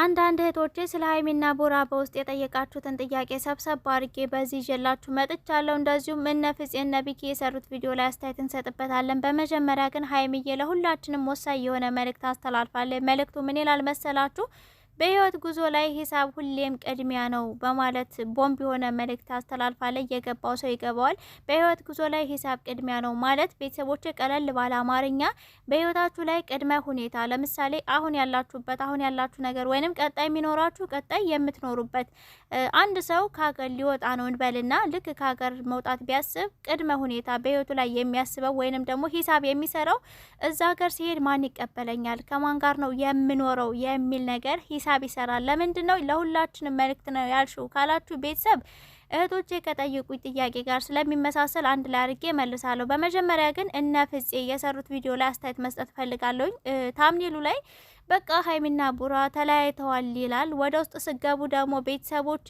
አንዳንድ እህቶቼ ስለ ሀይሚና ቦራ በውስጥ የጠየቃችሁትን ጥያቄ ሰብሰብ አድርጌ በዚህ ይዤላችሁ መጥቻለሁ። እንደዚሁም እነ ፍፄ እነ ቢኪ የሰሩት ቪዲዮ ላይ አስተያየት እንሰጥበታለን። በመጀመሪያ ግን ሀይሚዬ ለሁላችንም ወሳኝ የሆነ መልእክት አስተላልፋለ መልእክቱ ምን ይላል መሰላችሁ? በህይወት ጉዞ ላይ ሂሳብ ሁሌም ቅድሚያ ነው በማለት ቦምብ የሆነ መልእክት አስተላልፋ ላይ የገባው ሰው ይገባዋል። በህይወት ጉዞ ላይ ሂሳብ ቅድሚያ ነው ማለት ቤተሰቦች ቀለል ባለ አማርኛ በህይወታችሁ ላይ ቅድመ ሁኔታ ለምሳሌ አሁን ያላችሁበት አሁን ያላችሁ ነገር ወይንም ቀጣይ የሚኖራችሁ ቀጣይ የምትኖሩበት አንድ ሰው ከሀገር ሊወጣ ነው እንበልና ልክ ከሀገር መውጣት ቢያስብ ቅድመ ሁኔታ በህይወቱ ላይ የሚያስበው ወይንም ደግሞ ሂሳብ የሚሰራው እዛ ሀገር ሲሄድ ማን ይቀበለኛል፣ ከማን ጋር ነው የምኖረው የሚል ነገር ሂሳብ ሂሳብ ይሰራል። ለምንድን ነው ለሁላችንም መልእክት ነው ያልሽው ካላችሁ ቤተሰብ እህቶቼ ከጠየቁኝ ጥያቄ ጋር ስለሚመሳሰል አንድ ላይ አድርጌ መልሳለሁ። በመጀመሪያ ግን እነ ፍጼ የሰሩት ቪዲዮ ላይ አስተያየት መስጠት ፈልጋለሁኝ። ታምኔሉ ላይ በቃ ሀይሚና ቡራ ተለያይተዋል ይላል። ወደ ውስጥ ስገቡ ደግሞ ቤተሰቦቼ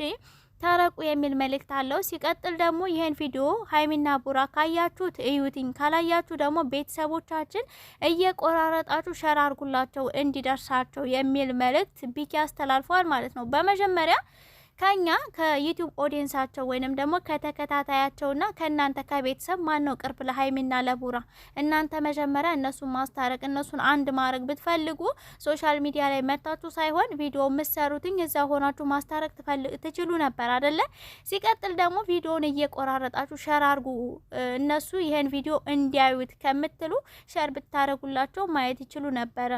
ታረቁ የሚል መልእክት አለው። ሲቀጥል ደግሞ ይህን ቪዲዮ ሀይሚና ቡራ ካያችሁት እዩትኝ፣ ካላያችሁ ደግሞ ቤተሰቦቻችን እየቆራረጣችሁ ሸራርጉላቸው አርጉላቸው እንዲደርሳቸው የሚል መልእክት ቢኪ አስተላልፏል ማለት ነው። በመጀመሪያ ከኛ ከዩቲዩብ ኦዲየንሳቸው ወይንም ደግሞ ከተከታታያቸውና ከእናንተ ከቤተሰብ ማን ነው ቅርብ ለሀይሚና ለቡራ? እናንተ መጀመሪያ እነሱን ማስታረቅ እነሱን አንድ ማድረግ ብትፈልጉ ሶሻል ሚዲያ ላይ መታችሁ ሳይሆን ቪዲዮ የምትሰሩትኝ እዛ ሆናችሁ ማስታረቅ ትችሉ ነበር አደለ? ሲቀጥል ደግሞ ቪዲዮን እየቆራረጣችሁ ሸር አርጉ፣ እነሱ ይህን ቪዲዮ እንዲያዩት ከምትሉ ሸር ብታደረጉላቸው ማየት ይችሉ ነበረ።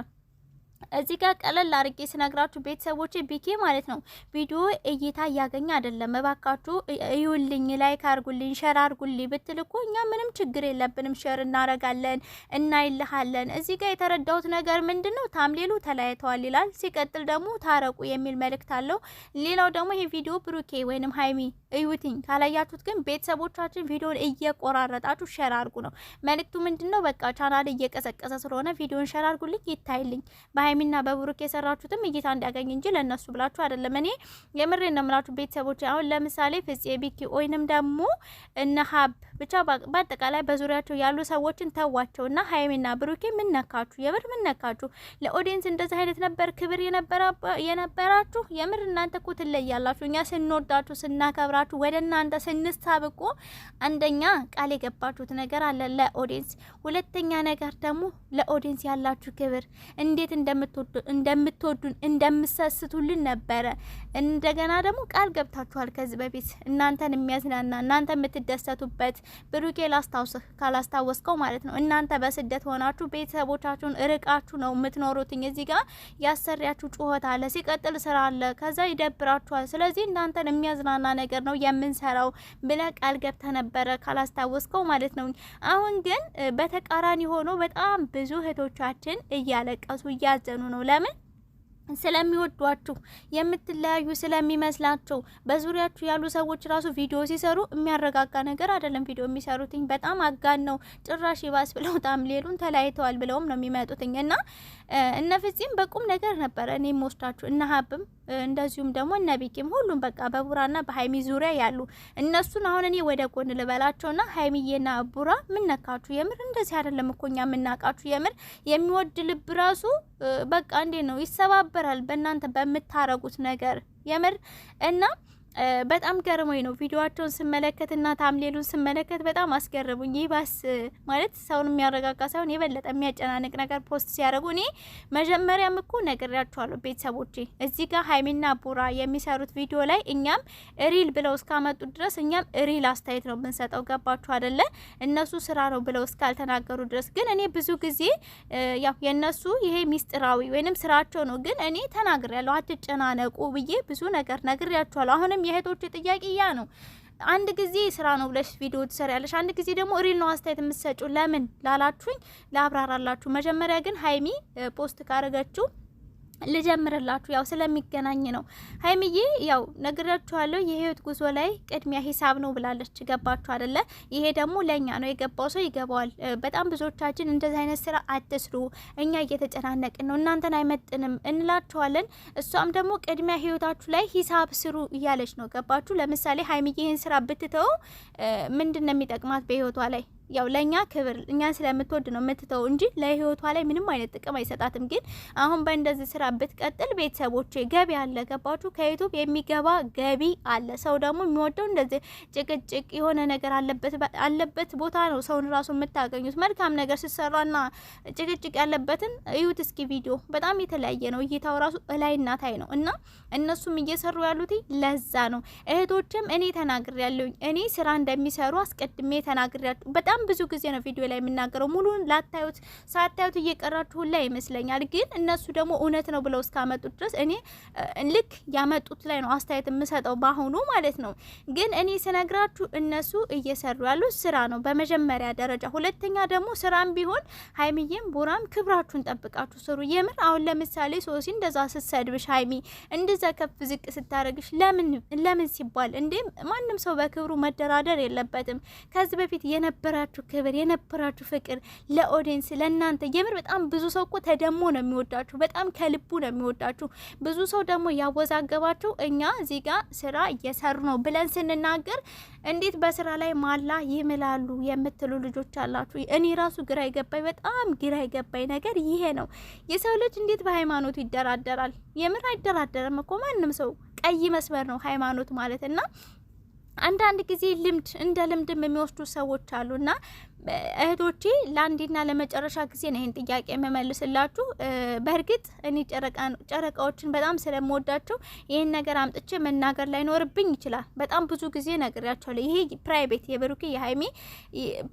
እዚህ ጋር ቀለል አርጌ ስነግራችሁ ቤተሰቦች ቢኪ ማለት ነው ቪዲዮ እይታ እያገኘ አይደለም። እባካችሁ እዩልኝ፣ ላይክ አርጉልኝ፣ ሸር አርጉልኝ ብትል እኮ እኛ ምንም ችግር የለብንም። ሸር እናረጋለን፣ እናይልሃለን። እዚህ ጋር የተረዳሁት ነገር ምንድን ነው? ታምሌሉ ተለያይተዋል ይላል። ሲቀጥል ደግሞ ታረቁ የሚል መልእክት አለው። ሌላው ደግሞ ይሄ ቪዲዮ ብሩኬ ወይንም ሀይሚ እዩትኝ። ካላያችሁት ግን ቤተሰቦቻችን ቪዲዮን እየቆራረጣችሁ ሸር አርጉ ነው መልእክቱ። ምንድን ነው በቃ ቻናል እየቀሰቀሰ ስለሆነ ቪዲዮን ሸር አርጉልኝ፣ ይታይልኝ በሀይሚና በብሩክ የሰራችሁትም እይታ እንዲያገኝ እንጂ ለእነሱ ብላችሁ አይደለም። እኔ የምሬ ነው የምላችሁ ቤተሰቦች። አሁን ለምሳሌ ፍፄ ቢኪ ወይንም ደግሞ እነ ሀብ ብቻ በአጠቃላይ በዙሪያቸው ያሉ ሰዎችን ተዋቸው እና ሀይሚና ብሩኬ ምነካችሁ? የምር ምነካችሁ? ለኦዲየንስ እንደዚህ አይነት ነበር ክብር የነበራችሁ? የምር እናንተ እኮ ትለያላችሁ። እኛ ስንወዳችሁ ስናከብራችሁ ወደ እናንተ ስንሳብ እኮ አንደኛ ቃል የገባችሁት ነገር አለ ለኦዲየንስ፣ ሁለተኛ ነገር ደግሞ ለኦዲየንስ ያላችሁ ክብር እንዴት እንደምትወዱን እንደምሰስቱልን ነበረ። እንደገና ደግሞ ቃል ገብታችኋል ከዚህ በፊት እናንተን የሚያዝናና እናንተ የምትደሰቱበት ብሩኬ ላስታውስህ፣ ካላስታወስከው ማለት ነው። እናንተ በስደት ሆናችሁ ቤተሰቦቻችሁን እርቃችሁ ነው የምትኖሩትኝ። እዚህ ጋር ያሰሪያችሁ ጩኸት አለ፣ ሲቀጥል ስራ አለ፣ ከዛ ይደብራችኋል። ስለዚህ እናንተን የሚያዝናና ነገር ነው የምንሰራው ብለ ቃል ገብተ ነበረ፣ ካላስታወስከው ማለት ነው። አሁን ግን በተቃራኒ ሆኖ በጣም ብዙ እህቶቻችን እያለቀሱ እያዘኑ ነው። ለምን ስለሚወዷችሁ የምትለያዩ ስለሚመስላቸው በዙሪያችሁ ያሉ ሰዎች ራሱ ቪዲዮ ሲሰሩ የሚያረጋጋ ነገር አይደለም። ቪዲዮ የሚሰሩትኝ በጣም አጋን ነው። ጭራሽ ይባስ ብለው ሌሉን ተለያይተዋል ብለውም ነው የሚመጡትኝ እና እነ ፍጺም በቁም ነገር ነበረ እኔ ወስዳችሁ እነ ሀብም እንደዚሁም ደግሞ እነ ቢቂም ሁሉም በቃ በቡራና በሀይሚ ዙሪያ ያሉ እነሱን አሁን እኔ ወደ ጎን ልበላቸውና ሀይሚዬና ቡራ ምነካችሁ? የምር እንደዚህ አይደለም እኮ እኛ የምናውቃችሁ የምር የሚወድ ልብ ራሱ በቃ እንዴ ነው ይሰባ ይከበራል በእናንተ በምታረጉት ነገር የምር እና በጣም ገርሞኝ ነው ቪዲዮቸውን ስመለከት እና ታምሌሉን ስመለከት በጣም አስገርሙኝ። ባስ ማለት ሰውን የሚያረጋጋ ሳይሆን የበለጠ የሚያጨናንቅ ነገር ፖስት ሲያደርጉ እኔ መጀመሪያም እኮ ነግሬያቸዋለሁ ቤተሰቦቼ፣ እዚህ ጋር ሀይሚና ቡራ የሚሰሩት ቪዲዮ ላይ እኛም ሪል ብለው እስካመጡ ድረስ እኛም ሪል አስተያየት ነው የምንሰጠው። ገባችሁ አደለ? እነሱ ስራ ነው ብለው እስካልተናገሩ ድረስ ግን እኔ ብዙ ጊዜ ያው የእነሱ ይሄ ሚስጥራዊ ወይንም ስራቸው ነው፣ ግን እኔ ተናግሬያለሁ አትጨናነቁ ብዬ ብዙ ነገር ነግሬያቸዋለሁ። አሁንም ሁሉም የእህቶች ጥያቄ ያ ነው። አንድ ጊዜ ስራ ነው ብለሽ ቪዲዮ ትሰሪያለሽ፣ አንድ ጊዜ ደግሞ ሪል ነው አስተያየት የምትሰጩ። ለምን ላላችሁኝ ላብራራላችሁ። መጀመሪያ ግን ሀይሚ ፖስት ካረገችው ልጀምርላችሁ። ያው ስለሚገናኝ ነው። ሀይሚዬ ያው ነግራችኋለሁ፣ የህይወት ጉዞ ላይ ቅድሚያ ሂሳብ ነው ብላለች። ገባችሁ አደለ? ይሄ ደግሞ ለእኛ ነው፣ የገባው ሰው ይገባዋል። በጣም ብዙዎቻችን እንደዚህ አይነት ስራ አትስሩ፣ እኛ እየተጨናነቅን ነው፣ እናንተን አይመጥንም እንላችኋለን። እሷም ደግሞ ቅድሚያ ህይወታችሁ ላይ ሂሳብ ስሩ እያለች ነው። ገባችሁ? ለምሳሌ ሀይሚዬ ይህን ስራ ብትተው ምንድን ነው የሚጠቅማት በህይወቷ ላይ ያው ለእኛ ክብር እኛን ስለምትወድ ነው የምትተው እንጂ ለህይወቷ ላይ ምንም አይነት ጥቅም አይሰጣትም። ግን አሁን በእንደዚህ ስራ ብትቀጥል ቤተሰቦቼ ገቢ አለ፣ ገባችሁ? ከዩቱብ የሚገባ ገቢ አለ። ሰው ደግሞ የሚወደው እንደዚህ ጭቅጭቅ የሆነ ነገር አለበት ቦታ ነው ሰውን ራሱ የምታገኙት። መልካም ነገር ስትሰራና ጭቅጭቅ ያለበትን እዩት እስኪ ቪዲዮ በጣም የተለያየ ነው። እይታው ራሱ እላይ ታይ ነው። እና እነሱም እየሰሩ ያሉት ለዛ ነው። እህቶችም እኔ ተናግሬያለሁኝ። እኔ ስራ እንደሚሰሩ አስቀድሜ በጣም በጣም ብዙ ጊዜ ነው ቪዲዮ ላይ የምናገረው። ሙሉን ላታዩት ሳታዩት እየቀራችሁ ሁላ ይመስለኛል። ግን እነሱ ደግሞ እውነት ነው ብለው እስካመጡት ድረስ እኔ ልክ ያመጡት ላይ ነው አስተያየት የምሰጠው በአሁኑ ማለት ነው። ግን እኔ ስነግራችሁ እነሱ እየሰሩ ያሉት ስራ ነው በመጀመሪያ ደረጃ። ሁለተኛ ደግሞ ስራም ቢሆን ሀይሚዬም ቡራም ክብራችሁን ጠብቃችሁ ስሩ። የምር አሁን ለምሳሌ ሶሲ እንደዛ ስትሰድብሽ ሀይሚ እንደዛ ከፍ ዝቅ ስታደረግሽ ለምን ለምን ሲባል እንዴ ማንም ሰው በክብሩ መደራደር የለበትም። ከዚህ በፊት የነበረ የነበራችሁ ክብር፣ የነበራችሁ ፍቅር ለኦዲየንስ ለእናንተ የምር በጣም ብዙ ሰው እኮ ተደሞ ነው የሚወዳችሁ፣ በጣም ከልቡ ነው የሚወዳችሁ። ብዙ ሰው ደግሞ ያወዛገባችሁ እኛ እዚህ ጋር ስራ እየሰሩ ነው ብለን ስንናገር እንዴት በስራ ላይ ማላ ይምላሉ የምትሉ ልጆች አላችሁ። እኔ ራሱ ግራ የገባኝ በጣም ግራ የገባኝ ነገር ይሄ ነው። የሰው ልጅ እንዴት በሃይማኖቱ ይደራደራል? የምር አይደራደርም እኮ ማንም ሰው። ቀይ መስመር ነው ሃይማኖት ማለት እና አንዳንድ ጊዜ ልምድ እንደ ልምድም የሚወስዱ ሰዎች አሉና እህቶቼ ለአንዴና ለመጨረሻ ጊዜ ነው ይህን ጥያቄ የምመልስላችሁ። በእርግጥ እኔ ጨረቃዎችን በጣም ስለምወዳቸው ይህን ነገር አምጥቼ መናገር ላይኖርብኝ ይችላል። በጣም ብዙ ጊዜ ነግሬያቸዋለሁ። ይሄ ፕራይቬት የብሩኬ የሀይሜ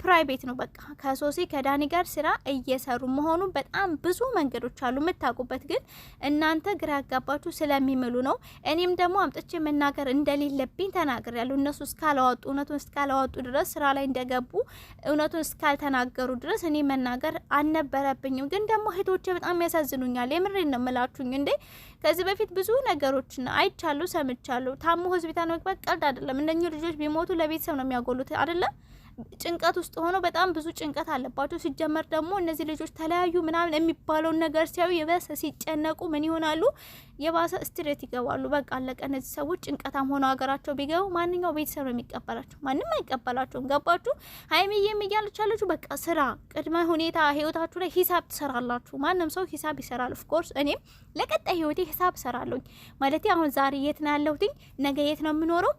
ፕራይቬት ነው። በቃ ከሶሴ ከዳኒ ጋር ስራ እየሰሩ መሆኑ በጣም ብዙ መንገዶች አሉ የምታውቁበት፣ ግን እናንተ ግራ ያጋባችሁ ስለሚምሉ ነው። እኔም ደግሞ አምጥቼ መናገር እንደሌለብኝ ተናግሬያለሁ። እነሱ እስካላወጡ እውነቱን እስካላወጡ ድረስ ስራ ላይ እንደገቡ እውነቱን እስካልተናገሩ ድረስ እኔ መናገር አልነበረብኝም። ግን ደግሞ እህቶቼ በጣም ያሳዝኑኛል። የምሬን ነው የምላችሁኝ። እንዴ ከዚህ በፊት ብዙ ነገሮችን አይቻሉ፣ ሰምቻሉ። ታሞ ሆስፒታል መግባት ቀልድ አይደለም። እንደኛ ልጆች ቢሞቱ ለቤተሰብ ነው የሚያጎሉት አይደለም ጭንቀት ውስጥ ሆኖ በጣም ብዙ ጭንቀት አለባቸው። ሲጀመር ደግሞ እነዚህ ልጆች ተለያዩ ምናምን የሚባለውን ነገር ሲያዩ የበሰ ሲጨነቁ ምን ይሆናሉ? የባሰ ስትሬት ይገባሉ። በቃ አለቀ። እነዚህ ሰዎች ጭንቀታም ሆነው ሀገራቸው ቢገቡ ማንኛው ቤተሰብ ነው የሚቀበላቸው? ማንም አይቀበላቸውም። ገባችሁ? ሀይሚዬም እያለች በቃ ስራ፣ ቅድመ ሁኔታ ህይወታችሁ ላይ ሂሳብ ትሰራላችሁ። ማንም ሰው ሂሳብ ይሰራል። ኦፍኮርስ እኔም ለቀጣይ ህይወቴ ሂሳብ ሰራለሁኝ። ማለት አሁን ዛሬ የት ነው ያለሁትኝ፣ ነገ የት ነው የምኖረው፣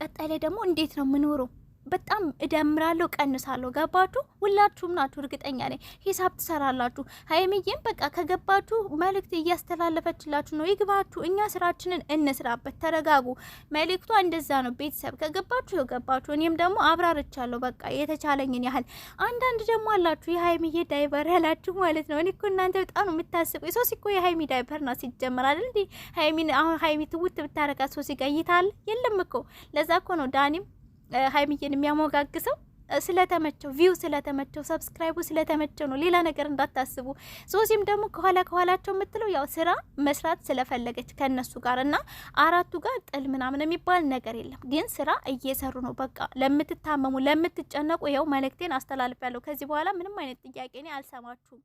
ቀጣይ ላይ ደግሞ እንዴት ነው የምኖረው በጣም እደምራለሁ፣ ቀንሳለሁ። ገባችሁ? ሁላችሁም ናችሁ፣ እርግጠኛ ነኝ ሂሳብ ትሰራላችሁ። ሀይሚዬም በቃ ከገባችሁ መልእክት እያስተላለፈችላችሁ ነው። ይግባችሁ፣ እኛ ስራችንን እንስራበት። ተረጋጉ። መልእክቷ እንደዛ ነው። ቤተሰብ ከገባችሁ ይኸው ገባችሁ። እኔም ደግሞ አብራርቻለሁ፣ በቃ የተቻለኝን ያህል። አንዳንድ ደግሞ አላችሁ የሀይሚዬ ዳይቨር ያላችሁ ማለት ነው። እኔ እኮ እናንተ በጣም ነው የምታስቡ። ሶሲ እኮ የሀይሚ ዳይቨር ና ሲጀመር አይደል እንዴ? አሁን ሀይሚ ትውት ብታረጋት ሶሲ ጋር ይታል የለም እኮ ለዛ እኮ ነው ዳኒም ሀይሚዬን የሚያሞጋግሰው ስለተመቸው ቪው ስለተመቸው ሰብስክራይቡ ስለተመቸው ነው። ሌላ ነገር እንዳታስቡ። ሶሲም ደግሞ ከኋላ ከኋላቸው የምትለው ያው ስራ መስራት ስለፈለገች ከነሱ ጋር እና አራቱ ጋር ጥል ምናምን የሚባል ነገር የለም፣ ግን ስራ እየሰሩ ነው። በቃ ለምትታመሙ ለምትጨነቁ ይኸው መልእክቴን አስተላልፍ ያለው። ከዚህ በኋላ ምንም አይነት ጥያቄ እኔ አልሰማችሁም።